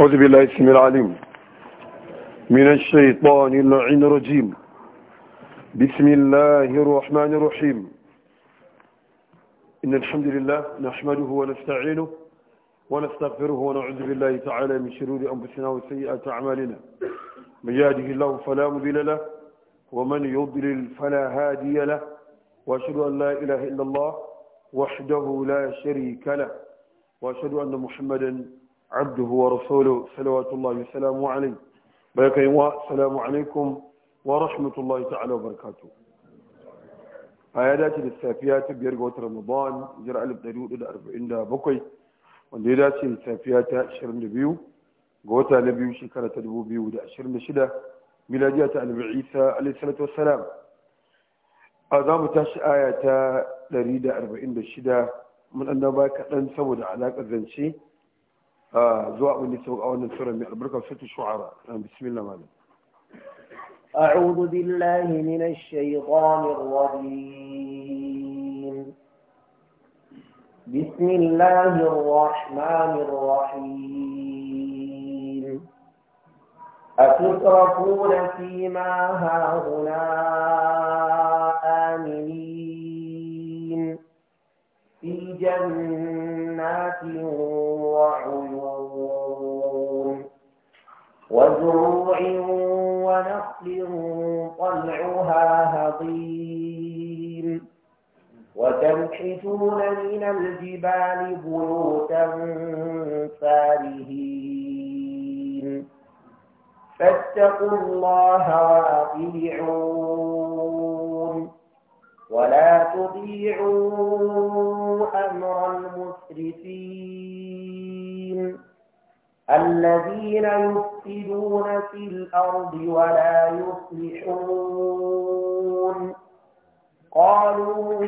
أعوذ بالله اسم العليم من الشيطان اللعين الرجيم بسم الله الرحمن الرحيم إن الحمد لله نحمده ونستعينه ونستغفره ونعوذ بالله تعالى من شرور أنفسنا وسيئات أعمالنا من يهده الله فلا مضل له ومن يضلل فلا هادي له وأشهد أن لا إله إلا الله وحده لا شريك له وأشهد أن محمدا عبده ورسوله صلوات الله وسلامه عليه بركاته والسلام عليكم ورحمة الله تعالى وبركاته ayyadaci da safiya ta biyar ga watan ramadan jira 1447 wanda ya dace da safiya ta 22 ga wata na biyu shekara ta 2026 miladiya ta alba'isa alisalatu wasalam a za mu tashi aya ta 146 mun annaba kaɗan saboda alaƙar zance zuwa abin da ke a wannan sura mai شعراء آه، بسم الله bismillah أعوذ بالله من الشيطان الرجيم بسم الله الرحمن الرحيم أتتركون فيما هاهنا آمنين في جنات وزروع ونخل طلعها هضيم وتنحتون من الجبال بيوتا فارهين فاتقوا الله وأطيعون ولا تطيعوا أمر المسرفين الذين يفسدون في الأرض ولا يصلحون قالوا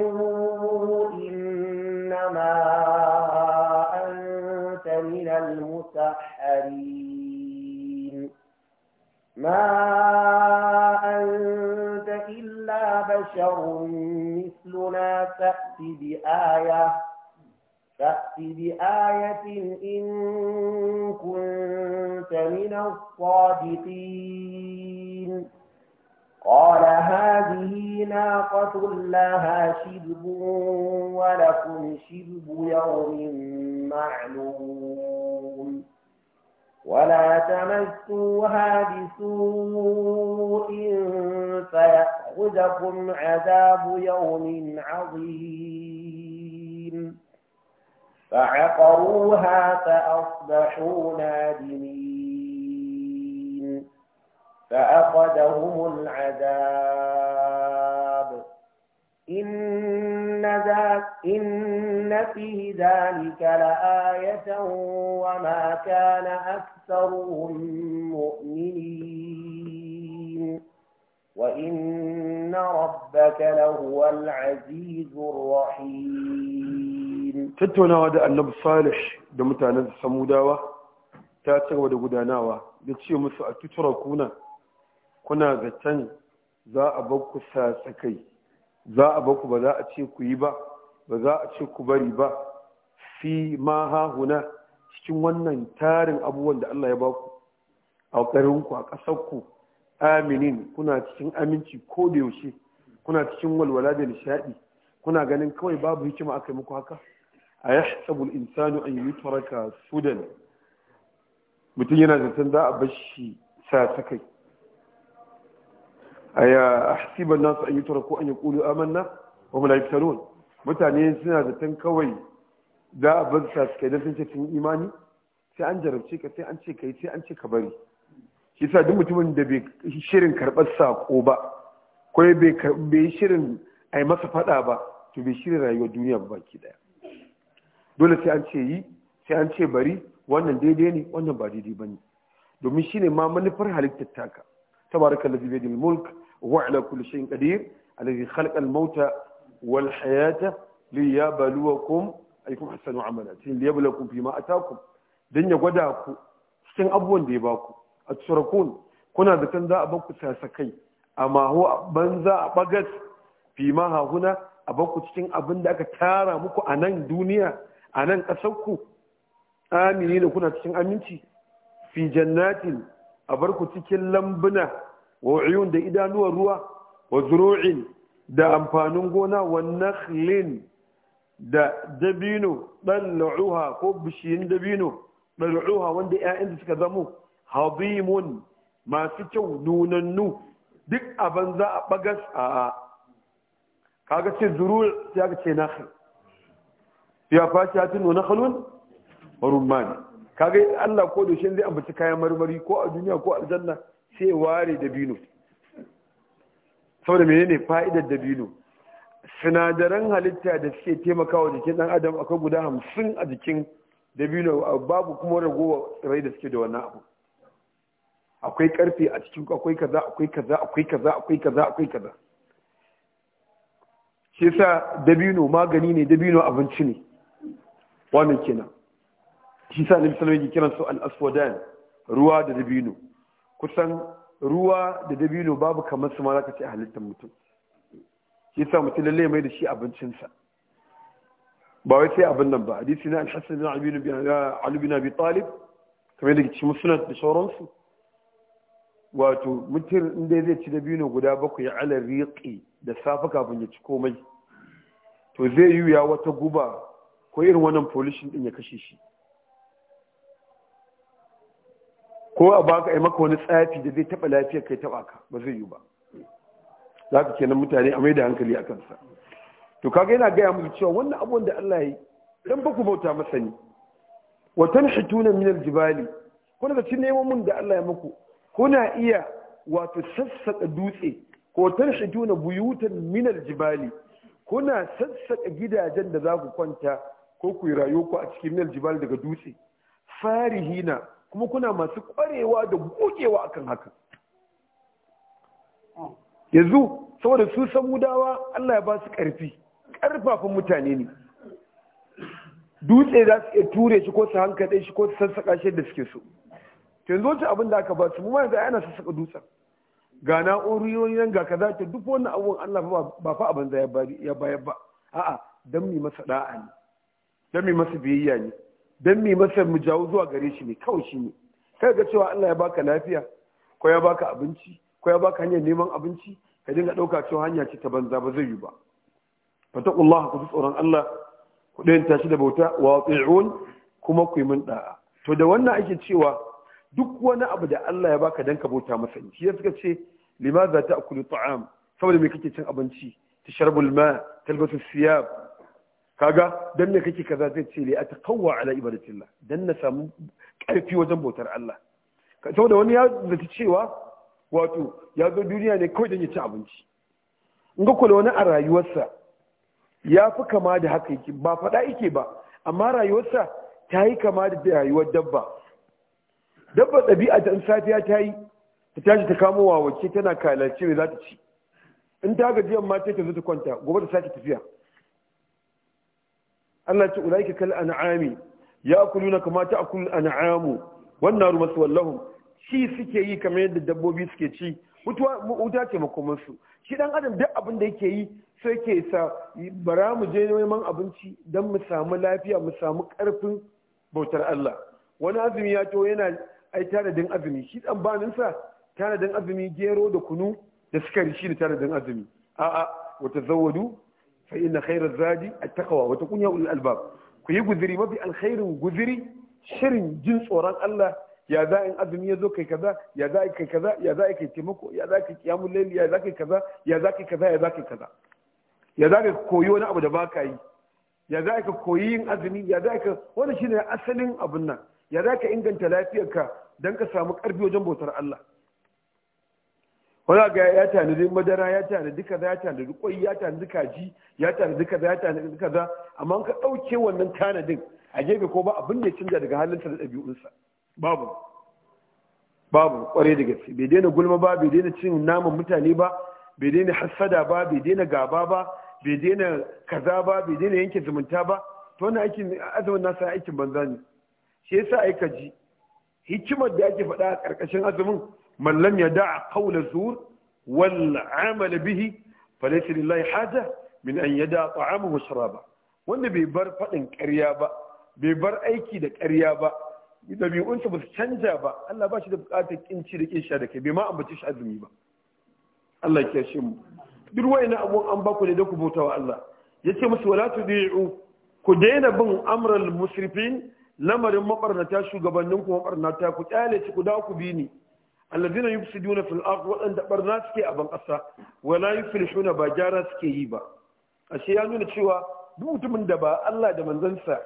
إنما أنت من المسحرين ما أنت إلا بشر مثلنا تأتي بآية فأت بآية إن كنت من الصادقين قال هذه ناقة لها شرب ولكم شرب يوم معلوم ولا تمسوها بسوء فيأخذكم عذاب يوم عظيم فعقروها فأصبحوا نادمين فأخذهم العذاب إن, ذا إن في ذلك لآية وما كان أكثرهم مؤمنين وإن ربك لهو العزيز الرحيم tattaunawa da annabi salih da mutanen samudawa ta cigaba da gudanawa da ce musu a tutura kuna kuna can za a bakku satsakai za a bakku ba za a ce ku yi ba ba za a ce ku bari ba fi ma hahuna cikin wannan tarin abubuwan da Allah ya baku a ƙarinku a ƙasar ku, aminin kuna cikin aminci ko da yaushe kuna cikin walwala da nishaɗi kuna ganin kawai babu hikima aka yi muku haka a ya sabul insanu an yi turaka sudan mutum yana zaton za a bashi sa sakai a ya hasiban nasu an yi turako an yi kulu amanna wa mulaifisarun mutane suna zaton kawai za a bar sa kai don sun ce sun imani sai an jarabce ka sai an ce kai sai an ce ka bari shi sa duk mutumin da bai shirin karɓar sako ba ko bai shirin a yi masa faɗa ba to bai shirin rayuwar duniya ba baki ɗaya dole sai an ce yi sai an ce bari wannan daidai ne wannan ba daidai ne domin shine ma manufar halittar taka tabaraka allazi bi yadil mulk wa ala kulli shay'in qadir allazi khalaqa al mauta wal hayata liyabluwakum ayyukum ahsanu amala tin ma a atakum dan ya gwada ku cikin abubuwan da ya baku a tsurakun kuna da kan za a baku sasakai amma ho banza a bagas fima hahuna a banku cikin abin da aka tara muku a nan duniya a nan ƙasarku amini da kuna cikin aminci fi jannatin a barku cikin lambuna wa uyun da idanuwar ruwa wa zuru'in da amfanin gona wa nakhlin da dabino ɗal'uha ko bishiyin dabino ɗal'uha wanda 'ya'yan da suka zamo habimun masu kyau nunannu duk a banza a bagas a kaga ce zuru sai ga ce nakhlin ya fakiyatin wa nakhlun wa rumman kaga Allah ko da zai ambaci kayan marmari ko a duniya ko aljanna sai ware dabino saboda menene fa'idar dabino sinadaran halitta da suke taimakawa jikin dan adam akwai guda hamsin a jikin dabino babu kuma ragowa rai da suke da wannan abu akwai karfe a cikin akwai kaza akwai kaza akwai kaza akwai kaza akwai kaza shi sa dabino magani ne dabino abinci ne wannan kenan shi sa nabi sallallahu alaihi kiran su al-aswadan ruwa da dabino kusan ruwa da dabino babu kamar su ma zaka ce halittar mutum shi sa mutum lalle mai da shi abincinsa ba wai sai abin nan ba hadisi na al-hasan bin abi ali bin abi talib kamar da cikin sunan da sauransu wato mutum inda zai ci dabino guda bakwai ala riqi da safa kafin ya ci komai to zai yi ya wata guba ko irin wannan polishin din ya kashe shi ko a baka ai maka wani tsafi da zai taba lafiyar kai taba ka ba zai yi ba za ka kenan mutane a mai da hankali a kansa to kaga yana gaya musu cewa wannan abu da Allah ya yi dan ba ku bauta masa ne wa tanhituna min aljibali ko da neman mun da Allah ya muku kuna iya wato sassaka dutse ko tanhituna buyutan min aljibali kuna sassaka gidajen da za ku kwanta ko ku yi rayuwa ku a cikin nan jibal daga dutse farihina kuma kuna masu kwarewa da gogewa akan haka yanzu saboda su mudawa Allah ya ba su karfi karfafa mutane ne dutse za su iya ture shi ko su hankaɗe shi ko su sassaƙa shi da suke so yanzu wancan abin da aka ba su mu ma yanzu yana sassaƙa dutsen ga na'uriyoyin nan ga kaza duk wani abu Allah ba fa a banza ya bayar ba a'a dan mi masa da'a ne don mai masa biyayya ne don mai masa jawo zuwa gare shi ne kawai shi ne kai ga cewa Allah ya baka lafiya ko ya baka abinci ko ya baka hanyar neman abinci ka dinga ɗauka cewa hanya ce ta banza ba zai yi ba fatakullaha ku tsoron Allah ku ɗayan tashi da bauta wa kuma ku yi min da'a to da wannan ake cewa duk wani abu da Allah ya baka dan ka bauta masa shi ya suka ce limaza ta'kulu ta'am saboda me kake cin abinci tashrabul ma talbasu siyab kaga dan me kake kaza zai ce li ataqawwa ala ibadatillah dan na samu karfi wajen bautar Allah da wani ya zata cewa wato ya zo duniya ne kawai dan ya ci abinci in ga kula wani a rayuwarsa ya fi kama da haka yake ba faɗa yake ba amma rayuwarsa ta yi kama da rayuwar dabba dabba ɗabi'a ta in safiya ta yi ta tashi ta kamo wa wake tana kalace mai za ta ci in ta gajiyar yamma ta zo ta kwanta gobe ta sake tafiya Allah ce ulaika kal an'ami kuluna kama akul an'amu wan su maswallahum shi suke yi kamar yadda dabbobi suke ci Mutuwa, wuta ce makomar su shi dan adam duk abin da yake yi sai ke sa bara mu je neman abinci dan mu samu lafiya mu samu karfin bautar Allah wani azumi ya to yana ai tanadin azumi shi dan banin sa tanadin azumi gero da kunu da sukari shi ne tanadin azumi a'a wa tazawwadu fa inna khairar zadi a takawa wata kunya ulul albab ku yi guziri mafi alkhairin guziri shirin jin tsoron Allah ya za in azumi ya zo kai kaza ya za kai kaza ya za kai taimako ya za kai kiyamun laili ya za kai kaza ya za kai kaza ya za kai kaza ya za ka koyi wani abu da ba ka yi ya za ka koyi yin azumi ya za ka wani shine asalin abun nan ya za ka inganta lafiyarka don ka samu karfi wajen bautar Allah Wala ga ya tanadi madara ya tanadi kaza ya tanadi kwai ya tanadi kaji ya tanadi kaza ya tanadi kaza amma ka dauke wannan tanadin a gefe ko ba abin da ya canza daga halinsa da ɗabi'unsa babu babu kwarai da gaske bai daina gulma ba bai daina cin naman mutane ba bai daina hassada ba bai daina gaba ba bai daina kaza ba bai daina yanke zumunta ba to wannan aikin azumin nasa aikin banza ne shi yasa ai ka ji hikimar da ake faɗa a ƙarƙashin azumin man lam yada qawla zur wal amala bihi falaysa lillahi haja min an yada ta'amahu wanda bai bar fadin ƙarya ba bai bar aiki da ƙarya ba ɗabi'unsa ba su canja ba Allah ba shi da buƙatar ƙinci da kin da kai bai ma ambaci shi azumi ba Allah ya shi mu duk wayannan abun an baku ne da ku bautawa Allah yace musu wala tudi'u ku daina bin amral musrifin lamarin mabarnata shugabannin ku mabarnata ku kyale ci ku da ku bi ni alladina yufsiduna fil ard waɗanda barna suke a ban kasa wala yuflihuna ba gyara suke yi ba ashe ya nuna cewa duk mutumin da ba Allah da manzansa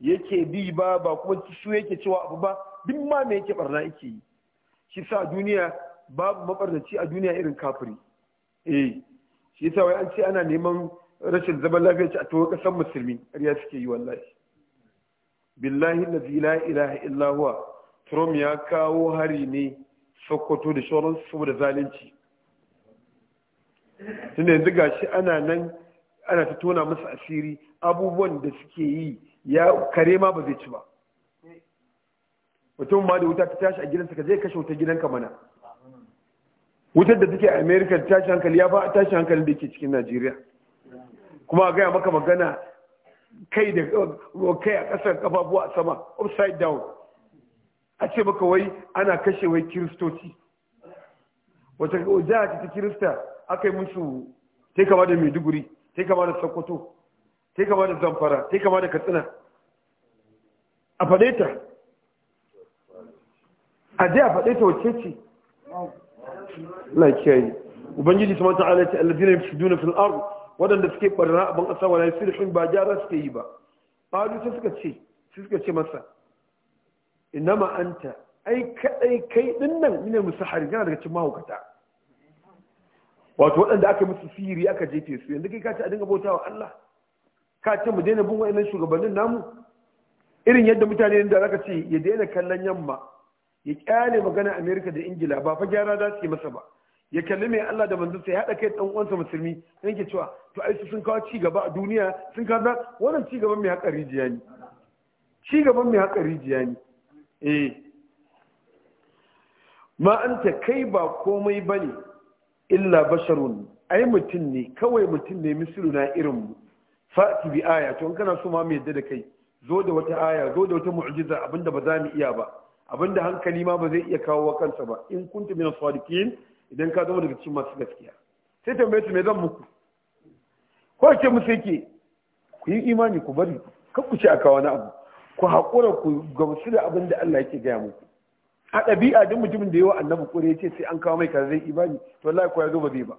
yake bi ba ba kuma su yake cewa abu ba duk ma me yake barna yake yi shi sa duniya babu mabarnaci a duniya irin kafiri eh shi sa wai an ce ana neman rashin zaman lafiya ce a to kasan musulmi ariya suke yi wallahi billahi la ilaha illa huwa ya kawo hari ne sokoto da shoron saboda zalunci tunda yanzu shi ana nan ana ta tona masa asiri abubuwan da suke yi ya kare ma ba zai ci ba mutum ma da wuta ta tashi a gidansa ka zai kashe wuta gidanka mana wutar da take a america tashi hankali ya fa tashi hankali da ke cikin najeriya kuma a gaya maka magana kai da kai a ƙasar kafafuwa a sama upside down a ce maka wai ana kashe wai kiristoci wata a ta kirista aka yi musu sai kama da maiduguri sai kama da sokoto sai kama da zamfara sai kama da katsina a faɗe ta a je a faɗe ta ce na kiyaye ubangiji sama ta alaƙi allazina ya fi duna fil ardu waɗanda suke ɓarna abin ƙasa da yasirhin ba jara suke yi ba ɓadu sai suka ce sai suka ce masa inama anta ai kadai kai dinnan ne musu harin gana daga cikin mahaukata wato waɗanda aka musu sihiri aka je su yanzu kai ka ce a dinga bautawa Allah ka ce mu daina bin wa'annan shugabannin namu irin yadda mutane da zaka ce ya daina kallon yamma ya kyale magana Amerika da Ingila ba fa gyara da su yi masa ba ya kalli mai Allah da manzon ya haɗa kai dan uwansa musulmi yake cewa to ai sun kawo ci gaba a duniya sun kawo wannan ci gaban mai haƙa jiya ne ci gaban mai haƙa jiya ne eh ma anta kai ba komai ba ne illa basharun ai mutum ne kawai mutum ne misiru na irin mu fa'ti bi aya to kana so ma mu yadda da kai zo da wata aya zo da wata mu'jiza abinda ba za mu iya ba abinda hankali ma ba zai iya kawo wa kansa ba in kuntum min sadiqin idan ka zama daga cikin masu gaskiya sai tambaye su me zan muku ko ce musu yake ku yi imani ku bari kar ku ce a kawo na abu ku haƙura ku gamsu da abin da Allah yake gaya muku a ɗabi'a duk mutumin da yawa annabi ƙure ya ce sai an kawo mai kaza zai imani to wallahi ko ya zo ba zai ba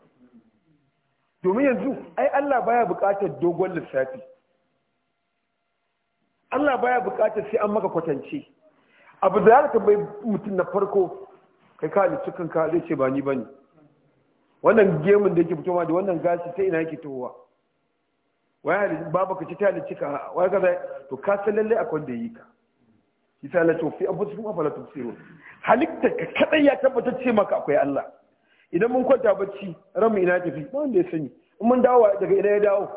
domin yanzu ai Allah baya buƙatar dogon lissafi Allah baya buƙatar sai an maka kwatance abu da ya tambayi mutum na farko kai ka cikin ka zai ce ba ni bane wannan gemun da yake fitowa da wannan gashi sai ina yake towa wai halittu ba baka ci ta halittu ka wai ka zai to ka san lallai akwai da yi ka shi ta halittu fi abu sun kuma falatu siro halitta ka kadai ya tabbatar ce maka akwai Allah idan mun kwanta bacci ran mu ina tafi ba wanda ya sani in mun dawo daga ina ya dawo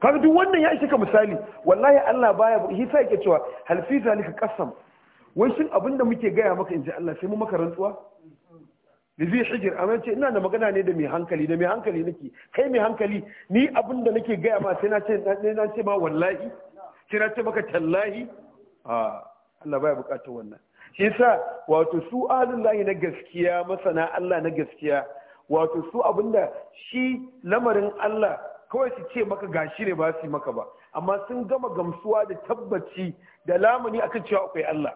kaga duk wannan ya ishe ka misali wallahi Allah baya shi sa yake cewa hal fi zalika qasam wai shin abinda muke gaya maka inji Allah sai mu maka rantsuwa da zai shigir amma ce ina da magana ne da mai hankali da mai hankali nake kai mai hankali ni abin da nake gaya ma sai na ce na ce ma wallahi sai na ce maka tallahi a Allah baya bukatar wannan shi yasa wato su ahlul lahi na gaskiya masana Allah na gaskiya wato su abinda shi lamarin Allah kawai su ce maka gashi ne ba su maka ba amma sun gama gamsuwa da tabbaci da lamuni akan cewa akwai Allah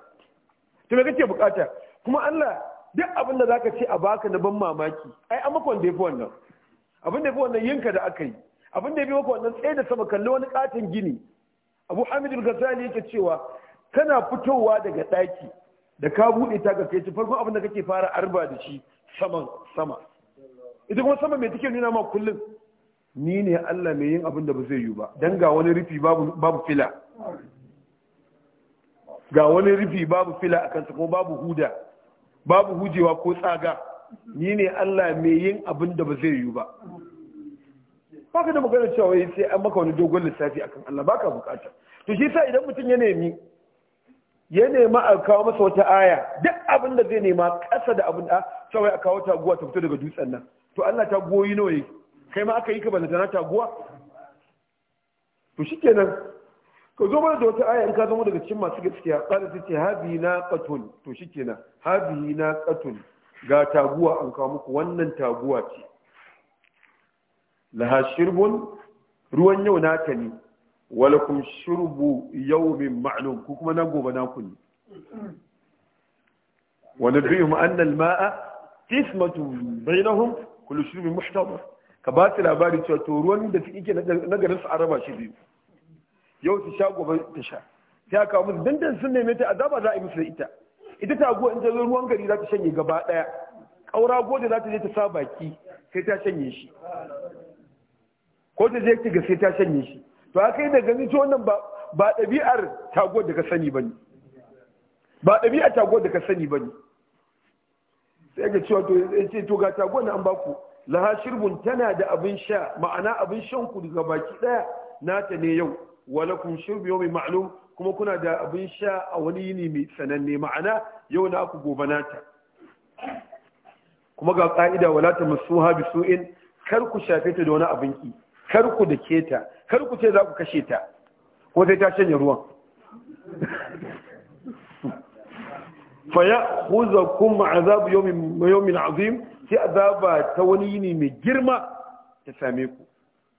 to me kake bukata kuma Allah duk abin da zaka ce a baka na ban mamaki ai an kon da yafi wannan abin da yafi wannan yinka da aka yi abin da yafi maka wannan tsaye da sama kalli wani katin gini abu hamid al-ghazali yake cewa kana fitowa daga daki da ka bude ta ga kai farkon abin da kake fara arba da shi saman sama ita kuma sama mai take nuna ma kullum ni ne Allah mai yin abin da ba zai yi ba dan ga wani rufi babu fila ga wani rufi babu fila akan kuma babu huda babu hujewa ko tsaga ni ne Allah mai yin abin da ba zai yiwu ba Ba ka da magana cewa yi sai an maka wani dogon lissafi akan Allah Ba ka bukata to shi sa idan mutum ya nemi ya nema a kawo masa wata aya duk abin da zai nema ƙasa da abin da cewa a kawo taguwa ta fito daga dutsen nan to Allah ta goyi nawa kai ma aka yi ka balantana taguwa to shikenan ka zo mana da wata aya in ka zama daga cikin masu gaskiya da ta ce habi na katun to shi shikenan habi na katun ga taguwa an kawo muku wannan taguwa ce laha shirbun ruwan yau naka ne shirbu yau min ma'lum ku kuma na gobe na kuni. ne wa nabiyuhum anna al-ma'a qismatun bainahum kullu shurbin muhtadar ka ba su labari cewa to ruwan da suke na garin su araba shi biyu yau ta sha gobe ta sha ta kawo musu dandan sun neme ta azaba za a yi musu da ita ita ta go in ta zo ruwan gari za ta shanye gaba daya ƙaura gode za ta je ta sa baki sai ta shanye shi ko ta je ta sai ta shanye shi to haka yi da gani to wannan ba ba ɗabi'ar tago da ka sani bane ba ɗabi'ar tago da ka sani bane sai ga cewa to ce to ga tago na an baku ku lahashirbun tana da abin sha ma'ana abin shan ku daga baki daya nata ne yau wa lakum shurbu ma'lum kuma kuna da abin sha a wani yini mai sananne ma'ana yau na ku gobe nata kuma ga ƙa'ida wala tamassuha su'in kar ku shafe ta da wani abin ki kar ku dake ta kar ku ce za ku kashe ta ko sai ta shanye ruwan fa kun azabu yawmin yawmin azim sai azaba ta wani yini mai girma ta same ku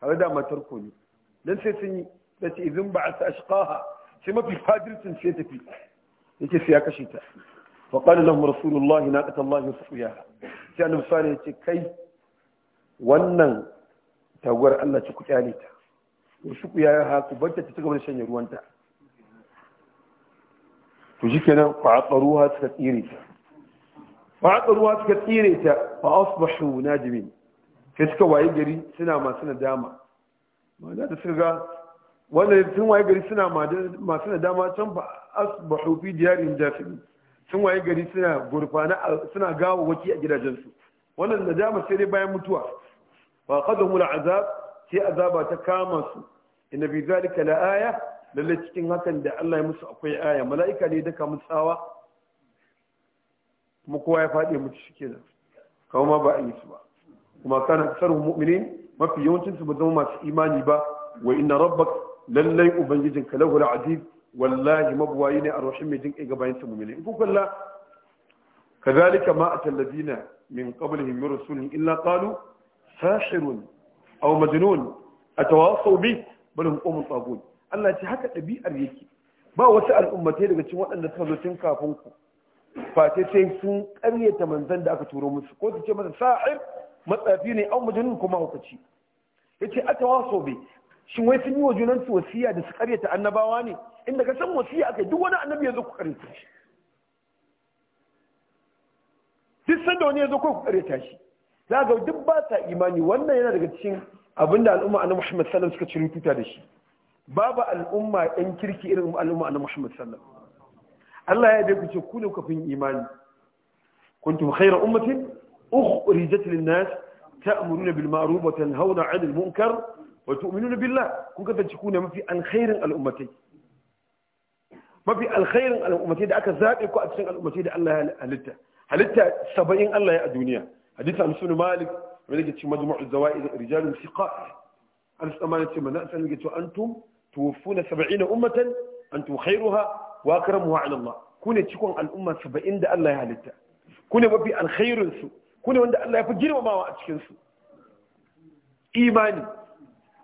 har da matar ku ne dan sai sun yi da ce izin ba a ashqaha sai mafi fadircin sai tafi yake sai ya kashe ta fa qala lahum rasulullah naqata allah yusfiya sai annabi sallallahu yace kai wannan taguwar Allah ci ku kyale ta to shi ku ya ha ku barta ta cigaba da shanye ruwanta to shikenan fa aqruha suka tsire ta fa aqruha suka tsire ta fa asbahu najimin sai suka waye gari suna masu nadama ma'ana da suka wanda sun waye gari suna masu nadama can ba asbahu fi diyarin jasimi sun waye gari suna gurfana suna gawo waki a gidajensu wannan nadama sai dai bayan mutuwa fa qadahu al'azab sai azaba ta kama su inna fi zalika la aya lalle cikin hakan da Allah ya musu akwai aya mala'ika ne a musu tsawa kuma kowa ya fadi mutu shikenan kawo ma ba a yi su ba kuma kana tsarin mu'minin mafi yawancin su ba zama masu imani ba wa inna rabbaka lallai ubangijin ka lahul azim wallahi mabwayi ne arrahim mai jin kai gabayin sa mu'mini in kun kalla kadhalika ma atal ladina min qablihim min rasulin illa qalu sahirun aw majnun atawasaw bi bal hum qawmun taghut Allah ce haka ɗabi'ar yake ba wasu al'ummatai daga cikin waɗanda suka zo cikin kafin ku face sai sun ƙaryata manzan da aka turo musu ko su ce masa sa'ir matsafi ne an majanin kuma hukaci ya ce a tawaso shin wai sun yi wa junansu wasiya da su karyata annabawa ne inda ka san wasiya akai duk wani annabi yanzu ku karyata shi duk sanda wani yanzu ko ku karyata shi za ga duk ba ta imani wannan yana daga cikin abinda al'umma annabi Muhammad sallallahu alaihi wasallam suka ci rututa da shi babu al'umma ɗan kirki irin al'umma annabi Muhammad sallallahu alaihi Allah ya bai ku ce ku ne ku fin imani kuntum khayra ummatin ukhrijat lin-nas ta'muruna bil ma'ruf wa tanhauna 'anil munkar wa tu'minuna billah kun kasance ku ne mafi alkhairin al'ummatai mafi alkhairin al'ummatai da aka zabe ku a cikin al'ummatai da Allah ya halitta halitta saba'in Allah ya a duniya hadisi amsun malik wani yake cikin majmu'u zawaid rijalun thiqat an tsamana ce mana san yake to antum tuwfuna 70 ummatan antum khairuha wa akramuha ala Allah ku ne cikon al'umma saba'in da Allah ya halitta ku ne mafi alkhairin su ku ne wanda Allah ya fi girmamawa a cikin su imani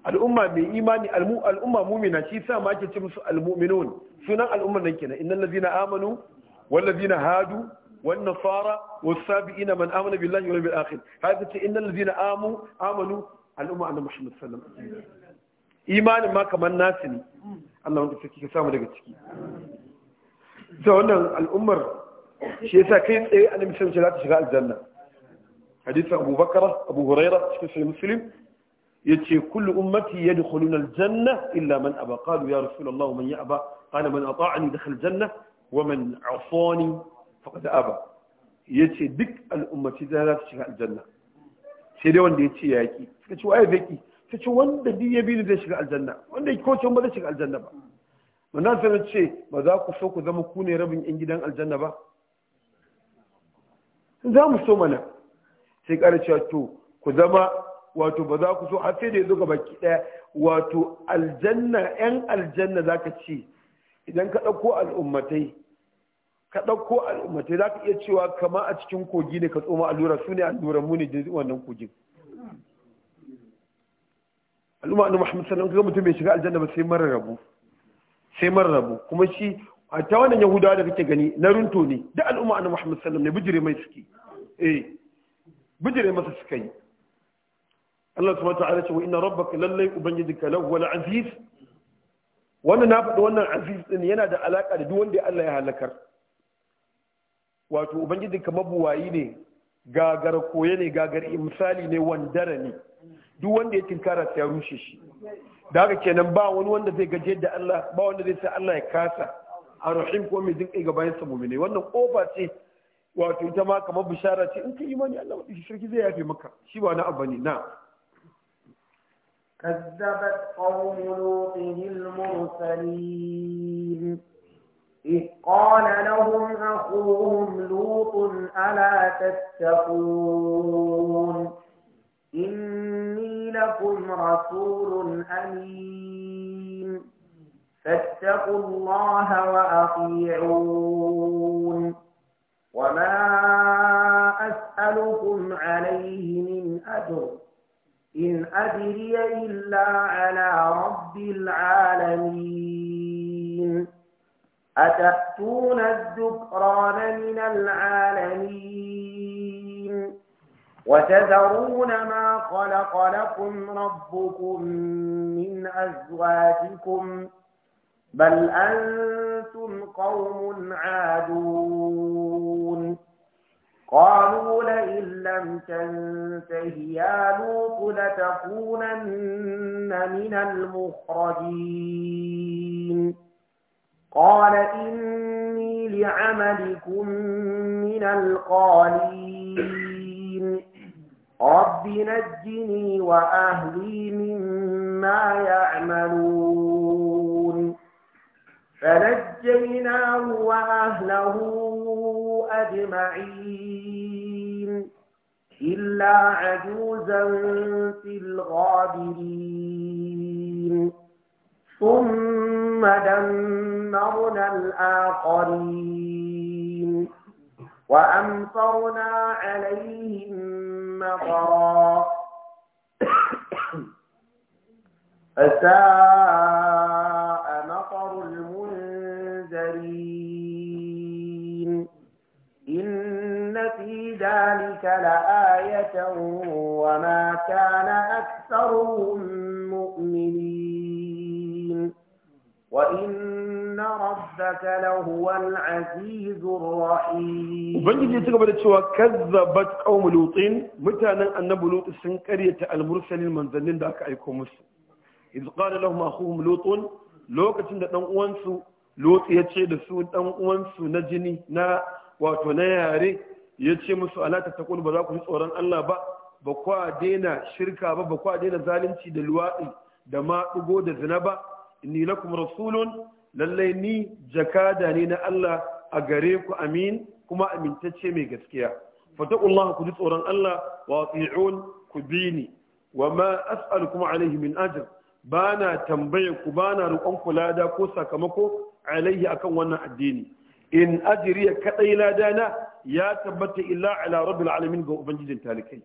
al'umma mai imani al'umma mumina shi sa ma ake ce musu almu'minun sunan al'umman nan kenan innal ladina amanu wal ladina hadu wan nasara was sabiina man amana billahi wal yawmil akhir haka ce innal ladina amu amanu al'umma annabi muhammad sallallahu alaihi wasallam imanin ma kamar nasu ne Allah wanda take ka samu daga ciki ita wannan al'ummar shi yasa kai tsaye annabi sallallahu alaihi wasallam za ta shiga aljanna hadisin Abu Bakar Abu Hurairah cikin Sahih Muslim yace kullu ummati yadkhuluna aljanna illa man aba qalu ya rasulullah man ya'ba qala man ata'ani dakhala aljanna wa man 'asani faqad aba yace duk al'ummati da za su shiga aljanna sai dai wanda ya yace yaki suka ce wai yaki ta ce wanda bi ya bi ni zai shiga aljanna wanda ko ce ba zai shiga aljanna ba manna sanar ce ba za ku so ku zama ku ne rabin yan gidan aljanna ba za mu so mana sai ƙara cewa to ku zama wato ba za ku so har sai da ya zo ga baki ɗaya wato aljanna yan aljanna za ka ce idan ka ɗauko al'ummatai ka ɗauko al'ummatai za ka iya cewa kama a cikin kogi ne ka tsoma allura su ne alluran mu ne wannan kogin al'umma annabi Muhammad Sallam ga mutum bai shiga aljanna ba sai mara rabu sai mara rabu kuma shi a ta wannan yahudawa da kake gani na runto ne da al'umma annabi Muhammad sallallahu alaihi wasallam ne bijire mai suke eh bijire masa suka yi Allah subhanahu wa ta'ala ce wa inna rabbaka lallai ubangijinka lahu wal aziz wannan na faɗi wannan aziz din yana da alaka da duk wanda Allah ya halakar wato ubangijinka mabuwayi ne gagar koye ne gagar misali ne wandara ne duk wanda ya tinkara ya rushe shi da haka kenan ba wani wanda zai gaje da Allah ba wanda zai sa Allah ya kasa a rahim ko mai jin kai ga bayan sa mu'mini wannan kofa ce wato ita ma kamar bishara ce in ka imani Allah wadda shi sarki zai yafe maka shi ba na abu ne na كذبت قوم لوط المرسلين إذ قال لهم أخوهم لوط ألا تتقون إني لكم رسول أمين فاتقوا الله وأطيعون وما أسألكم عليه من أجر إن أدري إلا على رب العالمين أتأتون الذكران من العالمين وتذرون ما خلق لكم ربكم من أزواجكم بل أنتم قوم عادون قالوا لئن لم تنته يا لوط لتكونن من المخرجين قال إني لعملكم من القالين رب نجني وأهلي مما يعملون فنجيناه وأهله أجمعين إلا عجوزا في الغابرين ثم دمرنا الآخرين وأمطرنا عليهم مطرا فساء ذلك لآية وما كان أكثرهم مؤمنين وإن ربك لهو العزيز الرحيم وبنجي تقبل تشوى كذبت قوم لوط متانا أن لوط سنكرية المرسل المنزلين ذاك أيكم مسلم إذ قال لهم أخوهم لوط لوكتن دان أوانسو لوط يتشي دسو دان أوانسو نجني نا واتو نياري ya ce musu ala ta takun ba za ku ji tsoron Allah ba ba kwa daina shirka ba ba kwa daina zalunci da luwaɗi da maɗugo da zina ba inni lakum rasulun lallai ni jakada ne na Allah a gare ku amin kuma amintacce mai gaskiya fataqullaha ku ji tsoron Allah wa ati'un ku bi ni wa ma as'alukum alayhi min ajr bana tambaye ku bana roƙon ku lada ko sakamako alaihi akan wannan addini in ajriya kadai lada na ya tabbata illa ala rabbil alamin ga ubangijin talikai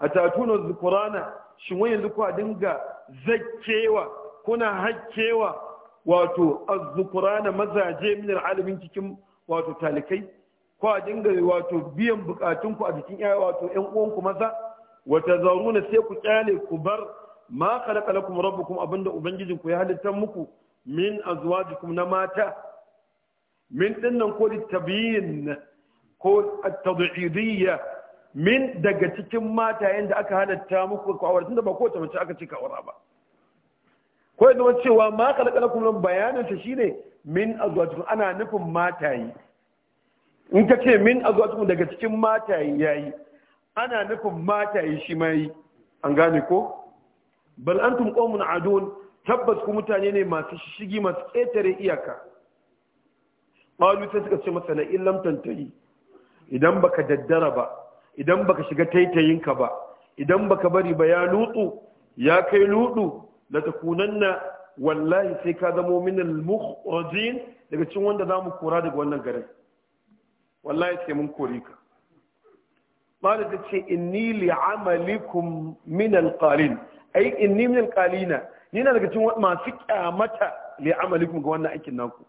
a tatuna zukurana shin wai yanzu ku dinga zakkewa kuna hakkewa wato azzukurana mazaje min alamin cikin wato talikai ku dinga wato biyan bukatun ku a cikin yaya wato ƴan uwan ku maza Wata tazaruna sai ku kyale ku bar ma khalaqa lakum rabbukum abinda ubangijin ku ya halitta muku min azwajikum na mata min dinnan ko tabiyin ko tad'idiyya min daga cikin matayen da aka halatta muku ko aure tunda ba kowace mace aka ce ka aura ba ko ya zama cewa ma kalakala kuma bayanin ta shine min azwajikum ana nufin mataye in ka ce min azwajikum daga cikin mataye yayi ana nufin mataye shi mai yi an gane ko bal antum qawmun adun tabbas ku mutane ne masu shigi masu ƙetare iyaka qalu sai suka ce masa la illam tantayi idan baka daddara ba idan baka shiga taitayinka ba idan baka bari ba ya lutsu ya kai lutsu la takunanna wallahi sai ka zamo min al-mukhrajin daga cikin wanda zamu kora daga wannan garin wallahi sai mun kore ka mala ta ce inni li'amalikum min al-qalin ai inni min al-qalina ni na daga cikin masu kyamata li'amalikum ga wannan aikin naku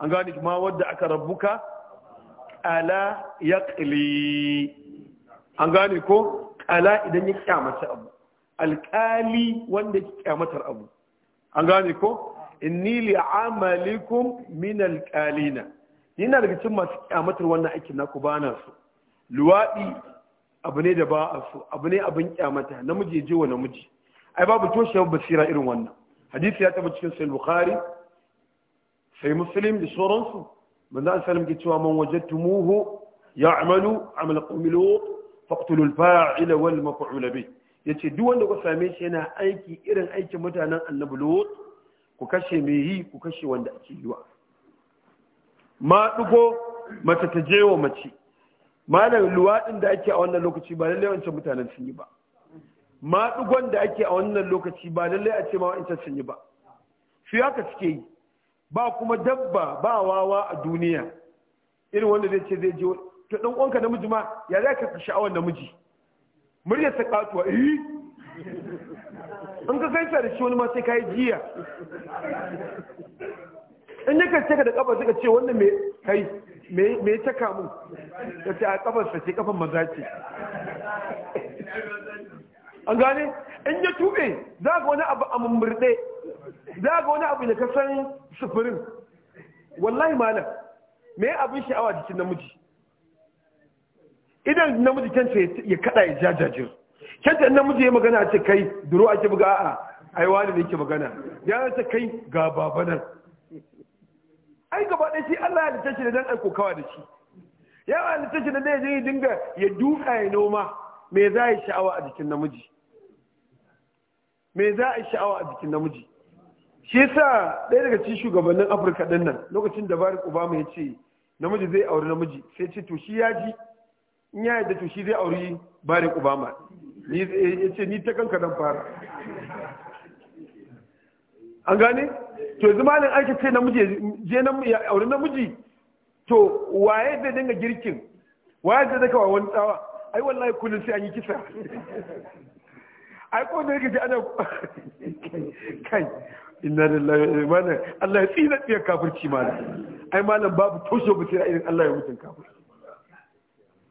an gane ma wadda aka rabbuka ala ya an gane ko ƙala idan ya kyamata abu alƙali wanda ya kyamatar abu an gane ko inni li amalikum min alƙalina yana daga cikin masu kyamatar wannan aikin naku ba na su. luwaɗi abu ne da ba a su abu ne abin kyamata namiji ya wa namiji ai babu toshewar basira irin wannan hadisi ya taɓa cikin sai bukhari sai muslim da sauransu manzo Allah sallam ke cewa man wajadtumuhu ya'malu amal qawmi lut faqtulu al-fa'ila wal maf'ul bi yace duk wanda ku same shi yana aiki irin aikin mutanen annabi lut ku kashe me yi ku kashe wanda ake yiwa ma dugo mace ta je wa mace malam luwaɗin da ake a wannan lokaci ba lallai wancan mutanen sun yi ba ma dugon da ake a wannan lokaci ba lallai a ce ma wancan sun yi ba shi haka suke yi ba kuma dabba ba wawa a duniya irin wanda zai ce zai je to dan uwanka namiji ma ya za ka sha'awar namiji muryar ta katuwa eh in ka gaisa da shi wani ma sai ka yi jiya in ya kace ka da kafa suka ce wannan me kai mai ya taka mun ka ce a kafar sa ce kafan maza ce an gane in ya tube za ka wani abu a mummurɗe za ga wani abu da ka san sufurin wallahi malam me abin sha'awa jikin namiji idan namiji kanta ya kada ya jajajin kanta namiji ya magana a ce kai duro ake buga a'a aiwa ne ne yake magana ya ce kai ga babanan ai gaba ɗaya shi Allah ya halitta shi da dan aiko kawa da shi ya halitta shi da ne ya dinga ya duka ya noma me za a yi sha'awa a jikin namiji me za a yi sha'awa a jikin namiji shi yasa ɗaya daga cikin shugabannin afirka ɗin nan lokacin da barack obama ya ce namiji zai auri namiji sai ce to shi ya ji in ya yadda to shi zai auri barack obama ya ce ni ta kanka dan fara an gane to yanzu malin aiki ce namiji je ya auri namiji to waye zai dinga girkin waye zai daka wa wani tsawa ai wallahi kullum sai an yi kisa ai ko da yake ji ana kai inna lillahi wa inna Allah ya tsina tsiyar kafirci malam ai malam babu toshe ba sai irin Allah ya mutun kafir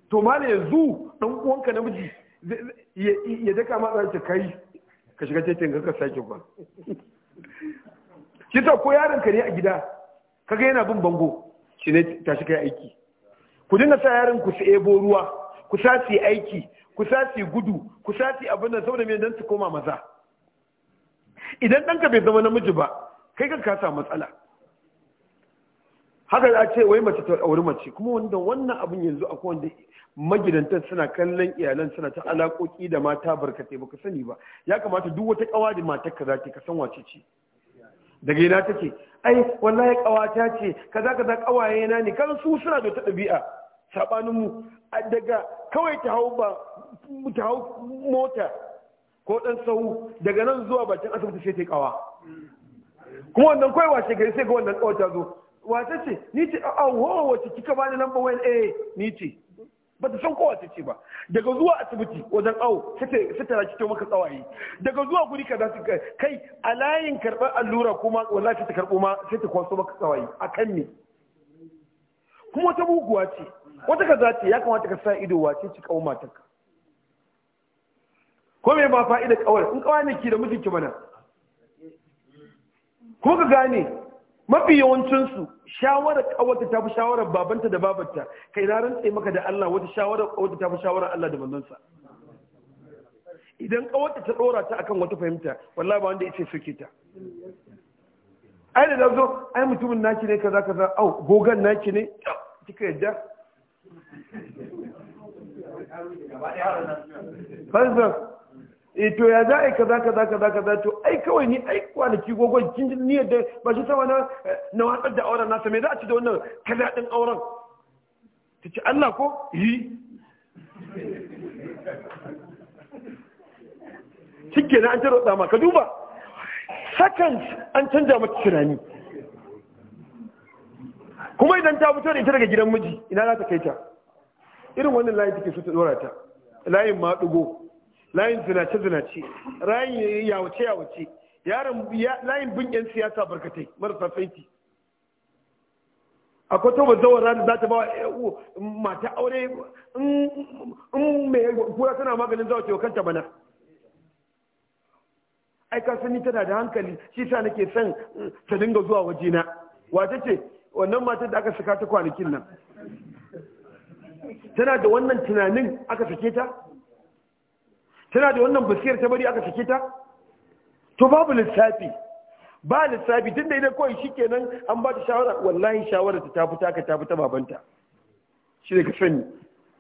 to malam yanzu dan uwanka namiji ya daka ma zan kai ka shiga cikin ka sake ba ta ko yaron ka ne a gida kaga yana bin bango shi ne tashi kai aiki ku dinga sa yaron ku su ebo ruwa ku sa su aiki ku sa su gudu ku sa su abin nan saboda me dan su koma maza idan ɗanka bai zama namiji ba kai kan kasa matsala haka za ce wai mace ta auri mace kuma wanda wannan abin yanzu a wanda magidantan suna kallon iyalan suna ta alaƙoƙi da mata barkatai baka sani ba ya kamata duk wata ƙawa da matar ka zaki ka san wace ce daga ina take ai wallahi ƙawata ce kaza kaza ƙawaye na ne kan su suna da ta ɗabi'a Saɓanin mu daga kawai ta ta hau mota ko ɗan sau daga nan zuwa bakin asibiti sai ta kawa kuma wannan kawai wace gari sai ga wannan kawai ta zo wace ce ni ce a ho wace kika bani lamba wayan A ni ce ba ta san kowace ce ba daga zuwa asibiti wajen awo sai ta rakito maka tsawaye daga zuwa guri ka su kai a layin karɓar allura kuma wallahi ta karɓo ma sai ta kwaso maka tsawaye a kan ne kuma wata muguwa ce wata ka ce ya kamata ka sa ido wace ci kawo matanka ko me ma fa'ida kawai in kawai ne ki da mutunci mana ko ka gane mafi yawancinsu shawarar kawata ta fi shawarar babanta da babanta kai na rantse maka da Allah wata shawarar kawata ta fi shawarar Allah da sa idan kawata ta dora ta akan wata fahimta wallahi ba wanda yace suke ta ai da zo ai mutumin naki ne kaza kaza au gogan naki ne kika yadda Fazla e to ya za a yi kaza kaza kaza kaza to ai kawai ni ai kwanaki gogon kin ji niyyar da ba shi sama na na watsar da auren nasa me za a ci da wannan kaza din auren ta ci Allah ko yi cike na an taro dama ka duba seconds an canja mata tunani kuma idan ta fito da ita daga gidan miji ina za ta kai ta irin wannan layi take so ta dora ta layin ma dugo layin zinace-zinace layin yawace-yawace layin bin 'yan siyasa barkatai marasa a akwai ba zawar ranar za ta ba mata aure in mai kura tana maganin zawa ce kanta bana ai ka sani tana da hankali shi sa nake son eh, ta dinga zuwa wajena wata ce wannan matar da aka saka ta kwanakin nan tana da wannan tunanin aka sake ta tana da wannan basiyar ta bari aka sake ta to babu lissafi ba lissafi tun da idan kawai shikenan an ba ta shawara wallahi shawara ta tafi ta ka tafi ta babanta shi ne ka sani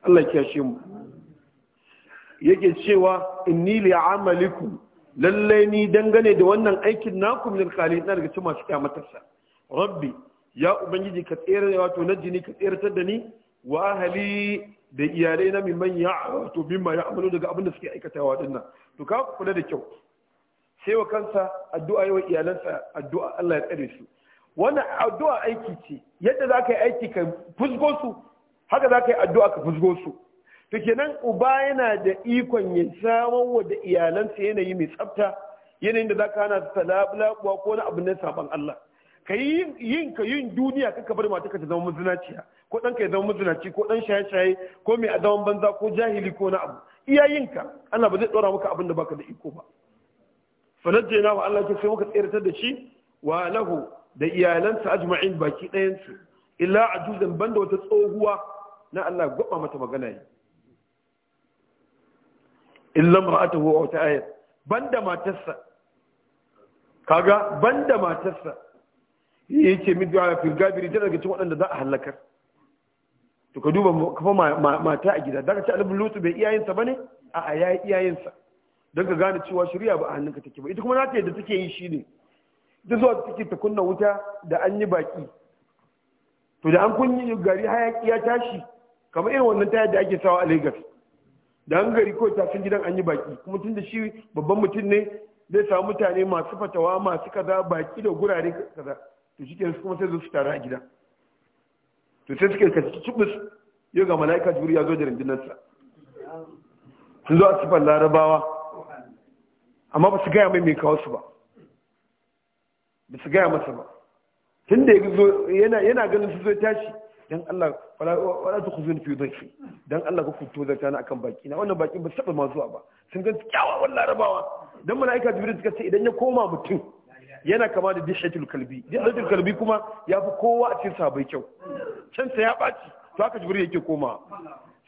Allah ya shi mu yake cewa inni li amalikum lalle ni dangane da wannan aikin naku min alqalin na daga cikin masu kyamatarsa rabbi ya ubangiji ka tsere wato najini ka ta da ni wa ahli da iyalai na mimman ya to ma ya amalu daga abin da suke aikatawa nan to ka kula da kyau sai wa kansa addu'a yawa iyalansa addu'a Allah ya tsare su wannan addu'a aiki ce yadda za ka yi aiki ka fusgo su haka za ka yi addu'a ka fusgo su to kenan uba yana da ikon ya samar wa da iyalansa yanayi mai tsafta yanayin da za ka hana su talabla ko wani abu na saban Allah ka yi yin ka yin duniya kan ka mata ka ta zama mazinaciya ko ɗan ka ya zama mazinaci ko ɗan shaye-shaye ko mai adawan banza ko jahili ko na abu iya yin ka Allah ba zai ɗora maka abin da baka da iko ba fanajjayna wa Allah ke sai muka tsirtar da shi wa lahu da iyalansa ajma'in baki ɗayansu illa ajuzan banda wata tsohuwa na Allah gwaba mata magana yi illa mar'atuhu wa ta'ayat banda matarsa kaga banda matarsa ya ce min du'a fil gabiri da daga cikin waɗanda za a halakar to ka duba kafa mata a gida daga ci alibin lutu bai iyayensa ba ne a a yayi iyayensa don ka gane cewa shirya ba a hannunka take ba ita kuma nata yadda take yi shi ne. ita zuwa take ta kunna wuta da an yi baki to da an kunyi gari hayaki ya tashi kamar irin wannan tayar da ake sawa a Lagos da an gari kawai san gidan an yi baki kuma tun da shi babban mutum ne zai samu mutane masu fatawa masu kaza baki da gurare kaza to shi kenan kuma sai zuwa su tare a gida to sai suka kaci cibis yau ga mala'ika juri ya zo da rindinarsa sun zo a sifar larabawa amma ba su gaya mai mai kawo su ba ba su gaya masa ba tun da yana ganin su zo tashi don Allah wala ta kuzun fi dhaifi dan Allah ku kuto tana a akan baki na wannan bakin ba su taɓa masuwa zuwa ba sun ga kyawawan larabawa don mala'ika juri suka ce idan ya koma mutum yana kama da dishatul kalbi dishatul kalbi kuma ya fi kowa a cikin sabai kyau can sa ya baci to aka jibril yake koma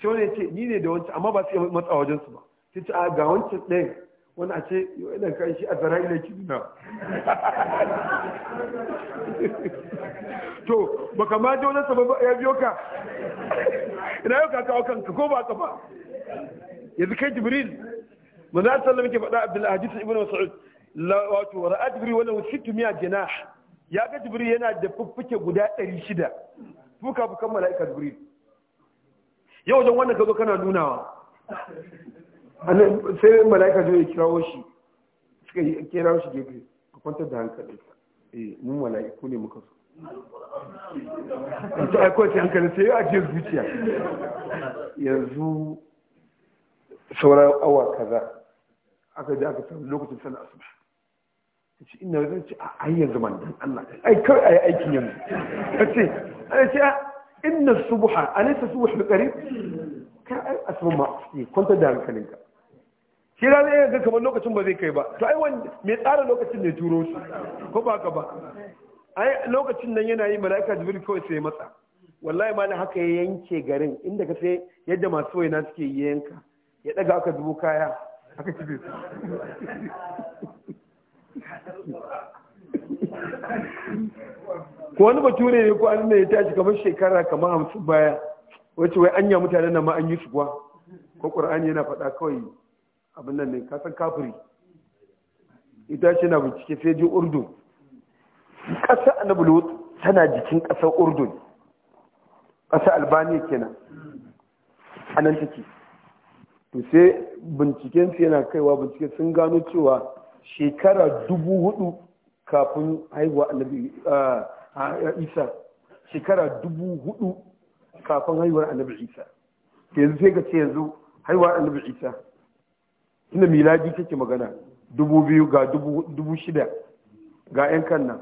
sai wani yace ni ne da wancan amma ba sai matsa wajen su ba sai ce a ga wancan ɗaya wani a ce yana kai shi a zara ila kidna to ba kama ji wani sababa ya biyo ka ina yau ka kawo kanka ko ba ka ba yanzu kai jibril manzo sallallahu alaihi wasallam ke faɗa abdul hadith ibnu mas'ud wato ra'ad jibril wala miya jinah ya ga jibril yana da fuffuke guda 600 fuka fukan mala'ika jibril yau wajen wannan kazo kana nunawa sai mala'ika zo ya kirawo shi suka kira shi gefe ka kwantar da hankali eh mun mala'iku ne muka so ta aikowace hankali sai ya ajiye zuciya yanzu sauran awa kaza aka ji aka samu lokacin sana'a ce ina zan ce a ai yanzu man dan Allah ai kai ai aikin yanzu kace ai ce ah, inna subha alaysa subh bi qarib ka ai asman ma kwanta da hankalinka shi da ne ga kamar lokacin ba zai kai ba to ai wani mai tsara lokacin ne turo shi ko ba ka ba ai lokacin nan yana yi malaika jibril kawai sai matsa wallahi ma na haka ya yanke garin inda ka sai yadda masu waina suke yanka ya daga aka dubo kaya aka kibe ko wani bature ne ko an ne ya tashi kamar shekara kamar hamsin baya wacce wai anya mutanen nan ma an yi su kuwa ko qur'ani yana faɗa kawai abin nan ne ka san kafiri ita ce na bincike sai je urdun ƙasa annabi lut tana jikin ƙasar urdun ƙasa albaniya kenan a nan take to sai binciken yana kaiwa bincike sun gano cewa shekara dubu hudu kafin haihuwa annabi isa shekara dubu hudu kafin haihuwar annabi isa yanzu sai ka ce yanzu haihuwar annabi isa ina miladi take magana dubu biyu ga dubu shida ga 'yan kan nan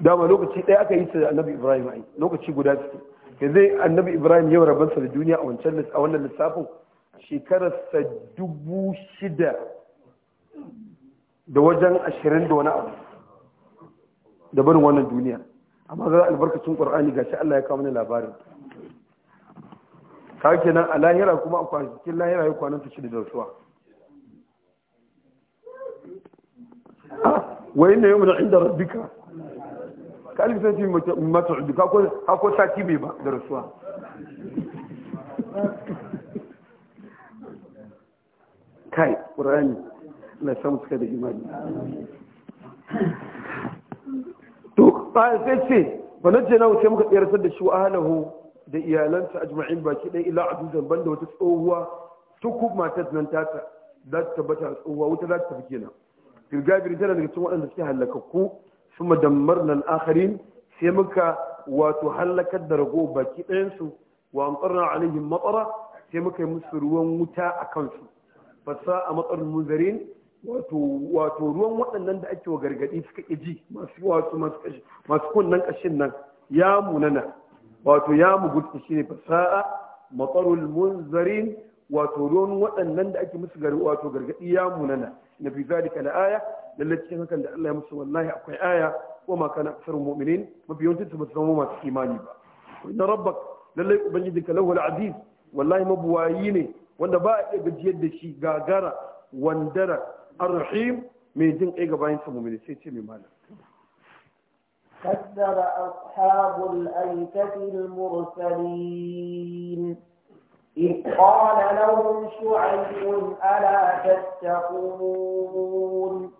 dama lokaci ɗaya aka yi su annabi ibrahim ai lokaci guda suke yanzu annabi ibrahim yau rabansa da duniya a wancan lissafin wannan lissafin dubu shida da wajen ashirin da wani abu da barin wannan duniya amma zai albarkacin ƙwar'ani shi Allah ya kawo mana labarin ka nan a lahira kuma a kwanakin lahira ya kwanan shi da rasuwa wai na yau inda rabbika ka alifin fi mata rabbika ko sati bai ba da rasuwa kai ƙwar'ani Allah ya samu da imani to sai ce ba na wuce muka tsayar da shi wa ahlahu da iyalansa ajma'in baki ɗaya ila ban da wata tsohuwa tukub matar nan ta za ta tabbata tsohuwa wuta za ta tafi kenan girgabir tana daga cikin waɗanda suke halakakku su madammar nan akharin sai muka wato halakar da rago baki ɗayansu wa amtsarna alaihim matsara sai muka yi musu ruwan wuta a kansu fasa a matsar munzarin wato ruwan waɗannan da ake wa gargaɗi suka ƙi ji masu wato masu kunnan ƙashin nan ya munana wato ya mugutu shi ne fasa'a matsarul munzarin wato ruwan waɗannan da ake musu wato gargaɗi ya munana na fi zalika la aya lalle cikin hakan da Allah ya musu wallahi akwai aya wa ma kana aksarul mu'minin mafi yawancin su ba su zama masu imani ba inna rabbak lalle ubangijinka lahu al-aziz wallahi mabuwayi ne wanda ba a iya gajiyar da shi gagara wandara الرحيم من جن ايغا باين سمو من السيتي من مالا كذب أصحاب الأيكة المرسلين إذ قال لهم شعيب ألا تتقون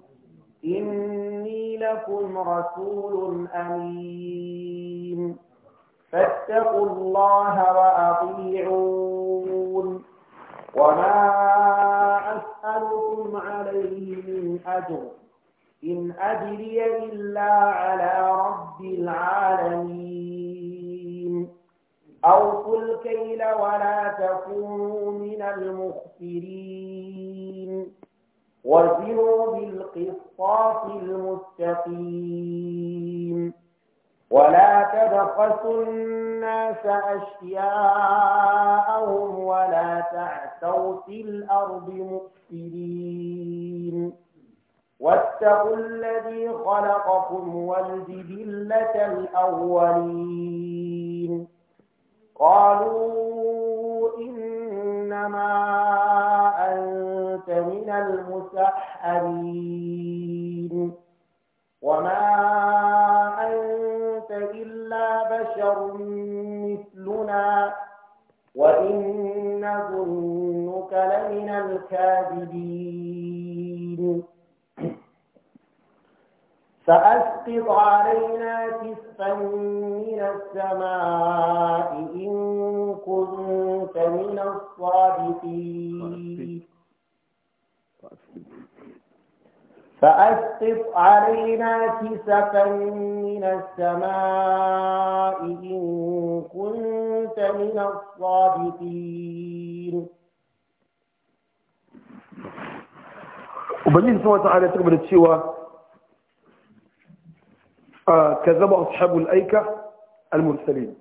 إني لكم رسول أمين فاتقوا الله وأطيعون وما أسألكم عليه من أجر إن أجري إلا على رب العالمين أوفوا الكيل ولا تكونوا من المخسرين وزنوا بالقصاص المستقيم ولا تبخسوا الناس أشياءهم ولا تعثوا في الأرض مفسدين واتقوا الذي خلقكم والجبلة الأولين قالوا إنما أنت من المسحرين وما أنت إلا بشر مثلنا وإن نظنك لمن الكاذبين فأسقط علينا كسفا من السماء إن كنت من الصادقين فأسقط علينا كسفا من السماء إن كنت من الصادقين وبنجي سبحانه وتعالى تقبل التشيوى آه، كذب أصحاب الأيكة المرسلين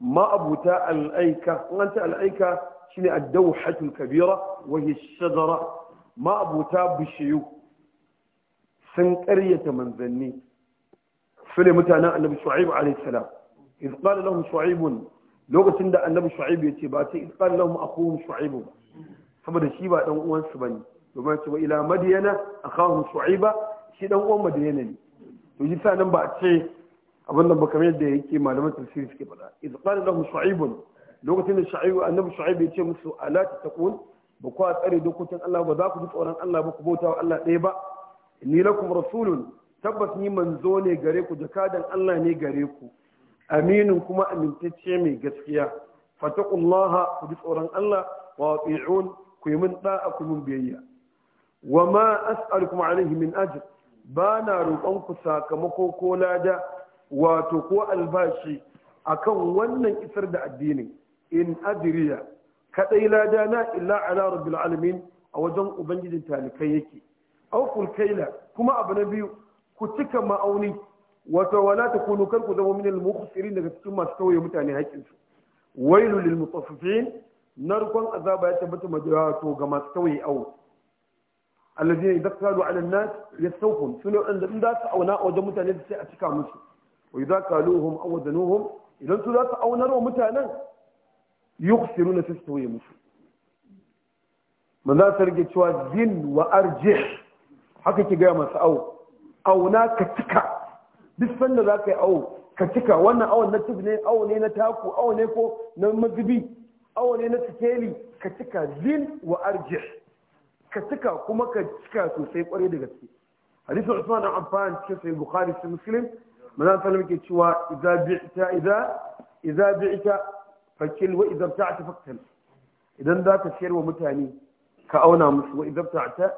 ما أبوتا الأيكة وأنت الأيكة شنو الدوحة الكبيرة وهي الشجرة ما أبوتا بالشيوخ sun karyata manzanni su mutanen annabi shu'aibu alaihi salam iz qala lahum Shu'aibu, lokacin da annabi shu'aibu yace ba sai iz qala lahum akhuhum shu'aibu saboda shi ba dan uwansu bane domin ce wa ila madiyana akhahum shu'aiba shi dan uwan madiyana ne to yi sa nan ba a ce abin nan ba kamar yadda yake malaman tafsiri suke faɗa iz qala lahum shu'aibun lokacin da shu'aibu annabi shu'aibu yace musu ala tattaqun ba ku tsare dokokin Allah ba za ku ji tsoron Allah ba ku bauta wa Allah ɗaya ba ni lakum rasulun tabbas ni manzo ne gare ku jakadan Allah ne gare ku aminin kuma amintacce mai gaskiya fataqullaha ku bi tsoron Allah wa ati'un ku yi min da'a ku min biyayya wa ma as'alukum alaihi min ajr ba na roƙon ku sakamako ko lada wato ko albashi akan wannan isar da addinin in adriya kadai lada na illa ala rabbil alamin a wajen ubangijin talikai yake aukul kaila kuma abu na biyu ku cika ma'auni wato wala kunu kar ku zama minal mukhsirin daga cikin masu kauye mutane haƙƙinsu wailu lil mutaffifin narkon azaba ya tabbata to ga masu kauye awo alladhina idza qalu ala an-nas yastawfun sunu an da za su auna a wajen mutane sai a cika musu wa idza qaluhum aw wadanuhum idan su za su aunar wa mutanen yukhsiruna sai su tauye musu manzo sarki cewa din wa arjih haka ki gaya masu awo auna ka cika duk sanda za ka yi awo ka cika wannan awon na tub ne awo ne na taku awo ne ko na mazubi awo ne na sikeli ka cika zin wa arjih ka cika kuma ka cika sosai kwarai da gaske hadisi usman dan amfani cikin sai bukhari sai muslim manzon sallallahu alaihi cewa idza bi'ta idza idza bi'ta fakil wa idza ta'ta fakil idan za ka siyar wa mutane ka auna musu wa idza ta'ta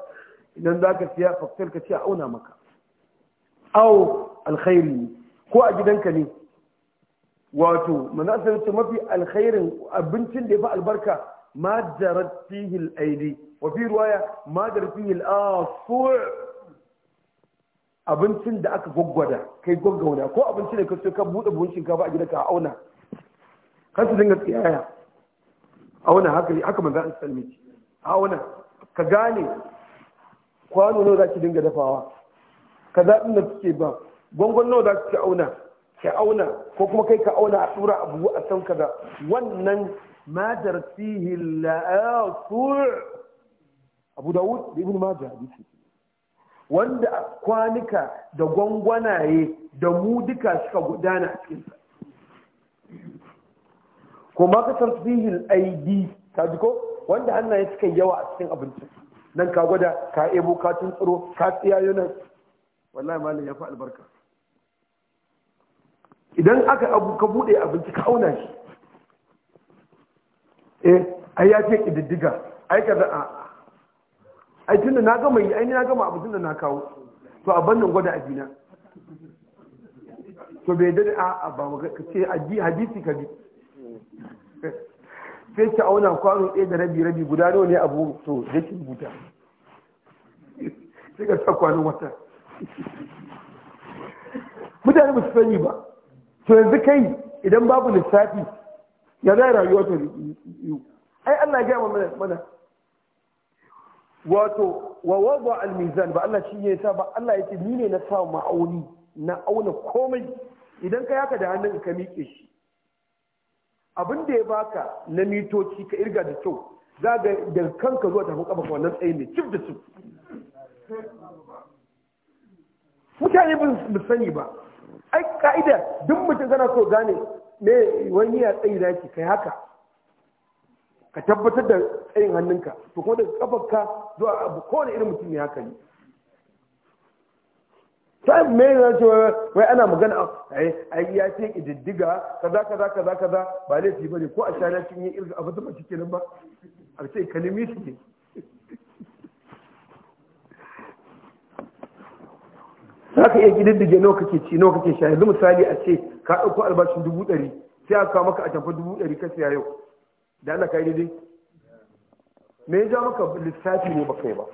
idan za ka siya faktar ka ce a auna maka au alkhairi ko a gidanka ne wato manasar ce mafi alkhairin abincin da ya fi albarka majarar jarat fihi al-aidi Wafi ruwaya majarar ma jarat fihi abincin da aka gwaggwada kai gwaggwada ko abincin da ka so ka bude buhun shinkafa a gidanka a auna kan su dinga tsiyaya auna haka haka manzo an salmi auna ka gane kwano nawa za ki dinga dafawa ka zaɓi na kuke ba gwangon nawa za ki auna ki auna ko kuma kai ka auna a tura abu a san kaza wannan madar fihi la'asur abu dawud da ibn majah hadisi wanda kwanuka da gwangwanaye da mu duka suka gudana a cikin sa ko ma kasar fihi aidi ta ji ko wanda hannaye suka yawa a cikin abincin nan ka gwada ka ebo ka tsoro ka tsiyayo nan wallahi malam ya fi albarka idan aka abu ka bude abinci ka auna shi eh ai ya ce kididdiga ai ka da ai tunda na gama yi ai na gama abu tunda na kawo to a bannin gwada abina to bai dade a ba ka ce hadisi ka bi sai ta auna kwano ɗaya da rabi rabi guda nawa ne abu to da ki buta sai ka sa kwano wata mutane ba su sani ba to yanzu kai idan babu lissafi ya zai rayuwa to ai Allah ya gaya mana wato wa wada al-mizan ba Allah shi ne ya sa ba Allah ya ce ni ne na sa ma'auni na auna komai idan ka yaka da hannun ka miƙe shi abin da ya baka na mitoci ka irga da kyau za ga da kanka zuwa tafi kafa wannan tsayi ne cif da cif mutane ba sani ba ai ka'ida duk mutum kana so gane me wani ya tsayi zaki kai haka ka tabbatar da tsayin hannunka to kuma daga kafarka zuwa abu kowane irin mutum ya haka ne sai me ne ce wai ana magana ai eh, ai ya ce ididdiga kaza kaza kaza kaza ba laifi bane ko a shana cin yin irga abu da ba shi ba a ce kalimi ne za ka iya kididdige nawa kake ci nawa kake sha yanzu misali a ce ka ɗauko albashin dubu ɗari sai aka kama maka a tafi dubu ɗari ka siya yau da ana kai yi daidai me ya ja maka lissafi ne ba kai ba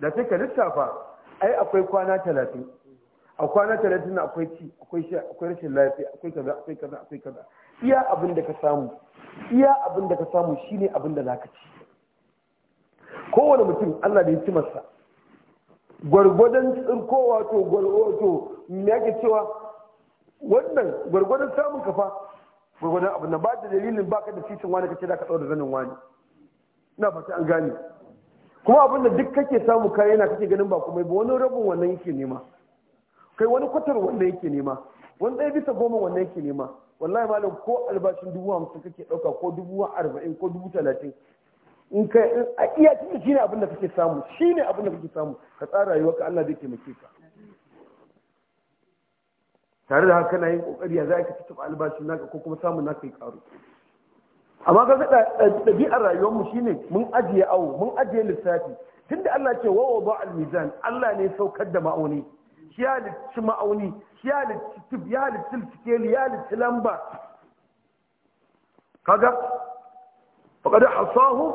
da sai ka lissafa ai akwai kwana talatin a kwana talatin na akwai ci akwai sha akwai rashin lafiya akwai kaza akwai kaza akwai kaza iya abin da ka samu iya abin da ka samu shine abin da zaka ci kowane mutum Allah da ya ci masa gwargwadon tsirko wato gwargwato me yake cewa wannan gwargwadon samun kafa gwargwadon abin da ba da dalilin baka da titin wani kace da ka da zanin wani ina fata an gane kuma abin da duk kake samu kai yana kake ganin ba komai ba wani rabin wannan yake nema kai wani kwatar wanda yake nema wani ɗaya bisa goma wanda yake nema wallahi malam ko albashin dubu hamsin kake ɗauka ko dubu arba'in ko dubu talatin in ka a iya cikin ne abin da kake samu ne abin da kake samu ka tsara rayuwa ka Allah zai taimake ka tare da haka na yin kokari ya za ka tattaba albashin naka ko kuma samun naka ya karu amma ka ɗabi'ar rayuwar mu shine mun ajiye awo mun ajiye lissafi tunda Allah ce wa wa ba al-mizan Allah ne saukar da ma'auni shi ya halicci ma'auni shi ya halicci tif ya halicci sikeli ya halicci lamba kaga faqad hasahu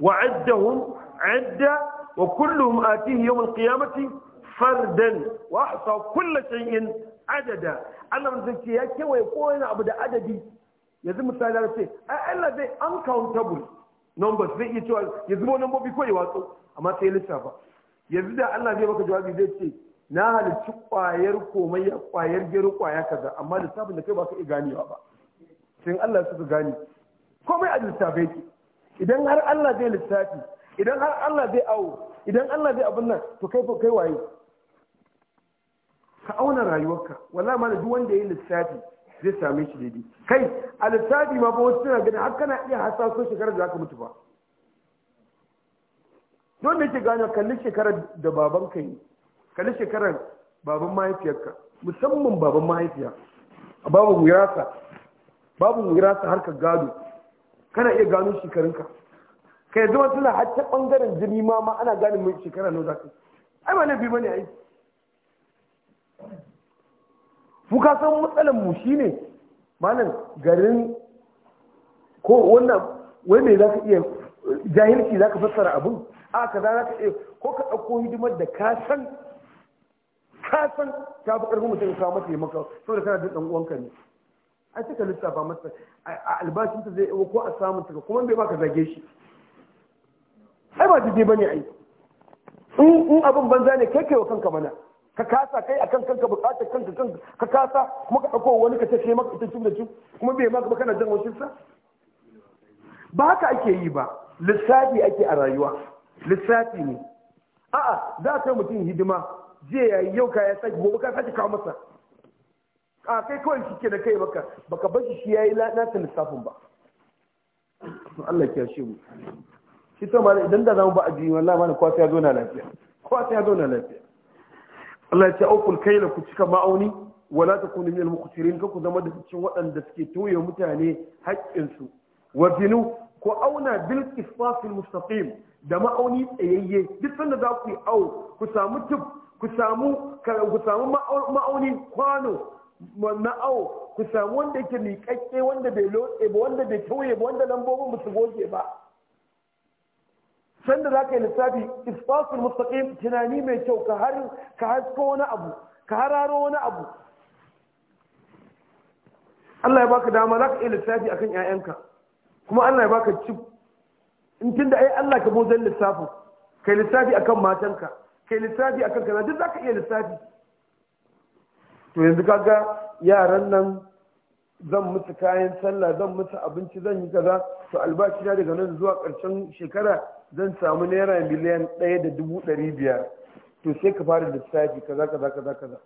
wa addahum adda wa kullum a yawm al-qiyamati fardan wa hasa kull shay'in adada Allah mun san ya kewaye ko wani abu da adadi yanzu misali da ce ai Allah zai uncountable numbers zai iya cewa ya zubo nambobi ko ya watsu amma sai lissafa yanzu da Allah zai maka jawabi zai ce na halicci ƙwayar komayya ƙwayar gero ƙwaya kaza amma littafin da kai ba ka iya ganewa ba sai Allah suka gane komai a littafai ki idan har Allah zai lissafi idan har Allah zai awo idan Allah zai abin nan to kai kai waye ka auna rayuwarka wallahi ma duk wanda yayi lissafi zai same shi daidai kai a lissafi ma ba wasu suna gani, har kana iya hasaso shekarar da zaka mutu ba don da yake gane kallin shekarar da babanka yi kalli shekarar baban mahaifiyarka musamman baban mahaifiya babu wirasa babu wirasa ka gado kana iya gano shekarunka ka yanzu wasu na hatta bangaren jini ma ma ana gane mai shekara nau zaka ai ba laifi bane ai Fuka san matsalan mu shine malam garin ko wannan wai me zaka iya jahilci zaka fassara abun a kaza zaka iya ko ka dauko hidimar da ka san ka san ta fi ƙarfin mutum ka mata yi maka saboda kana jin ɗan uwanka ne ai suka lissafa masa a albashin ta zai ko a samun ta kuma bai baka zage shi ai ba daidai bane ai in abin banza ne kai kai wa kanka mana ka kasa kai akan kanka bukatar kanka kanka ka kasa kuma ka dauko wani ka tafiye maka ita da cin kuma bai maka ba kana jan wasu sa ba haka ake yi ba lissafi ake a rayuwa lissafi ne a'a za ka mutum hidima jiya yi yau ka ya sake gobe ka sake kawo masa a kai kawai shi ke da kai baka baka bashi shi ya yi nasa lissafin ba Allah ya shi mu shi ta malai idan da zamu ba jini wallahi malai kwasa ya zo na lafiya kwasa ya zo na lafiya Allah ya ce aukul kaila ku cika ma'auni wala takunu minal muqtirin ka ku zama da cikin waɗanda suke toye mutane haƙƙinsu wa binu ku auna bil qisfasil mustaqim da ma'auni tsayayye duk sanda za ku yi au ku samu tub ku samu ku samu ma'auni kwano na awo ku samu wanda yake miƙaƙƙe wanda bai lotse ba wanda bai tauye ba wanda lambobin ba su goge ba sanda za ka yi lissafi isfasul mustaqim tunani mai kyau ka har ka hasko wani abu ka hararo wani abu Allah ya baka dama za ka iya lissafi akan ƴaƴanka kuma Allah ya baka cip in tunda ai Allah ka bozan lissafin kai lissafi akan matanka kai lissafi akan kaza duk za ka iya lissafi to yanzu kaga yaran nan zan mutu kayan sallah zan mutu abinci zan yi kaza to albashi na daga nan zuwa karshen shekara zan samu naira miliyan ɗaya da dubu ɗari biyar to sai ka fara lissafi kaza kaza kaza kaza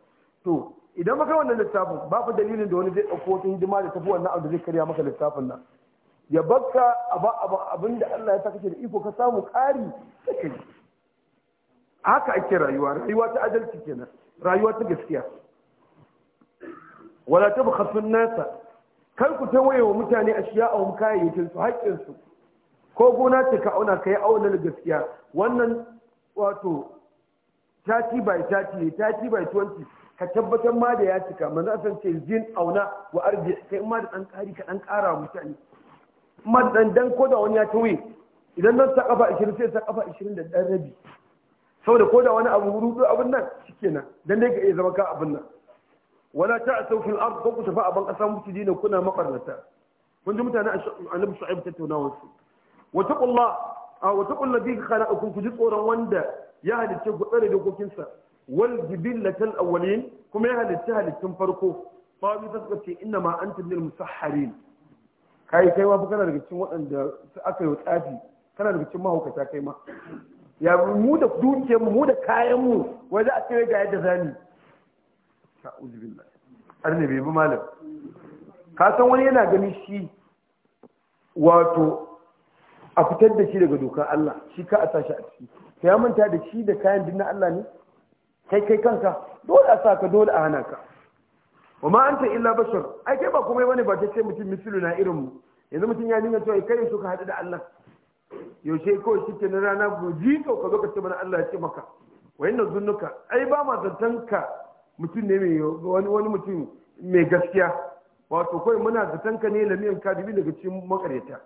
to idan maka wannan lissafin ba fa dalilin da wani zai ɗauko wata hidima da tafi wannan abu da zai karya maka lissafin nan ya bakka abin da Allah ya saka kake da iko ka samu ƙari sai ka yi haka ake rayuwa rayuwa ta adalci kenan rayuwa ta gaskiya wala tabkhasun nasa kar ku ta wayewa mutane ashiya'ahum kayayyakin su haƙƙin su ko gona ta ka auna kai auna gaskiya wannan wato tati by tati tati by 20 ka tabbatar ma da ya cika manzo san ce jin auna wa arji kai ma da dan kari ka dan kara mutane ma dan dan ko da wani ya wuye. idan nan sa kafa 20 sai sa kafa 20 da dan rabi saboda ko da wani abu rudu abin nan shikenan dan dai ka iya zama ka abin nan wala ta'sau fil ard ko ku tafi a ban kasa mutu dina kuna makarnata kun ji mutane annabi shu'aib tattaunawa su wa taqullah wa taqul ladhi khalaqakum ku ji tsoron wanda ya halicce ku tsare dokokinsa wal jibillatal awwalin kuma ya halicce halittun farko fa bi suka ce inna ma anta minal musahharin kai kai wa kana daga cikin waɗanda aka yi tsafi kana daga cikin mahaukata kai ma ya mu da dukiyar mu da kayan mu wai za a ce ga yadda zani ta'udhu arnabi bi malam ka san wani yana gani shi wato a fitar da shi daga dokar Allah shi ka a sashi a ciki ka ya manta da shi da kayan dinna Allah ne kai kai kanka dole a sa dole a hana ka wa ma anta illa bashar ai kai ba komai bane ba ta ce mutum misalu na irin mu yanzu mutum ya nuna cewa kai suka hadu da Allah yaushe kawai shi ke na rana ji to ka zo ka ce mana Allah ya ce maka wa na zunnuka ai ba ma zantan ka mutum ne mai wani wani mutum mai gaskiya wato kawai muna zantan ka ne lamiyan kadibi daga cikin makareta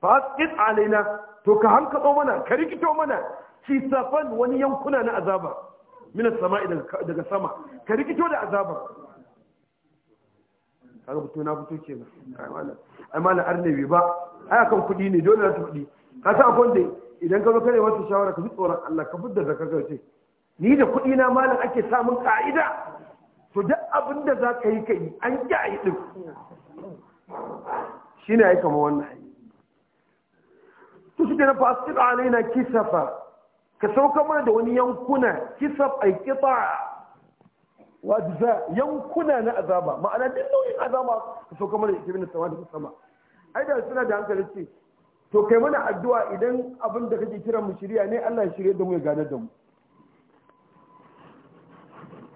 fa asqit alaina to ka hankalo mana ka rikito mana ci safan wani yankuna na azaba min sama'i daga sama ka rikito da azaba kaga fito na fito ai malam arnabi ba ai akan kuɗi ne dole na kuɗi ka sa akwai da idan ka zo kare wata shawara ka fi tsoron Allah ka fitar da kaga ce ni da kuɗi na malam ake samun ka'ida to duk abin da za ka yi ka yi an ƙi a yi ɗin shi ne ya kama wannan hanyar to shi na fasir alaina kisafa ka sauka mana da wani yankuna kisaf ai kifa wajza yankuna na azaba ma'ana duk nau'in azaba ka sauka mana ita min sama da sama ai da suna da hankali ce to kai mana addu'a idan abin da kake kira mu shirya ne Allah ya shirye da mu ya gane da mu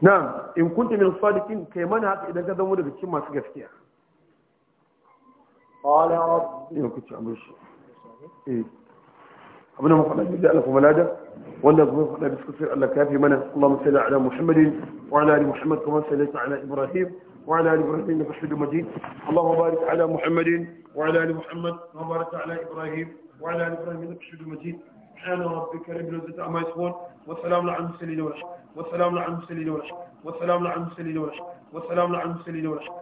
na'am in kunta min sadiqin kai mana haka idan ka zama daga cikin masu gaskiya qala rabbi ya kuce amur shi eh abin da mu faɗa da Allah kuma lada wanda kuma faɗa da suka sai Allah kafi mana Allahumma salli ala Muhammadin وعلى آل محمد كما صليت على إبراهيم وعلى آل إبراهيم إنك حميد مجيد اللهم بارك على محمد وعلى آل محمد كما باركت على إبراهيم وعلى آل إبراهيم إنك حميد مجيد سبحان ربك رب العزة عما يصفون وسلام على المرسلين والحمد وسلام على المرسلين والحمد وسلام على المرسلين والحمد وسلام على المرسلين والحمد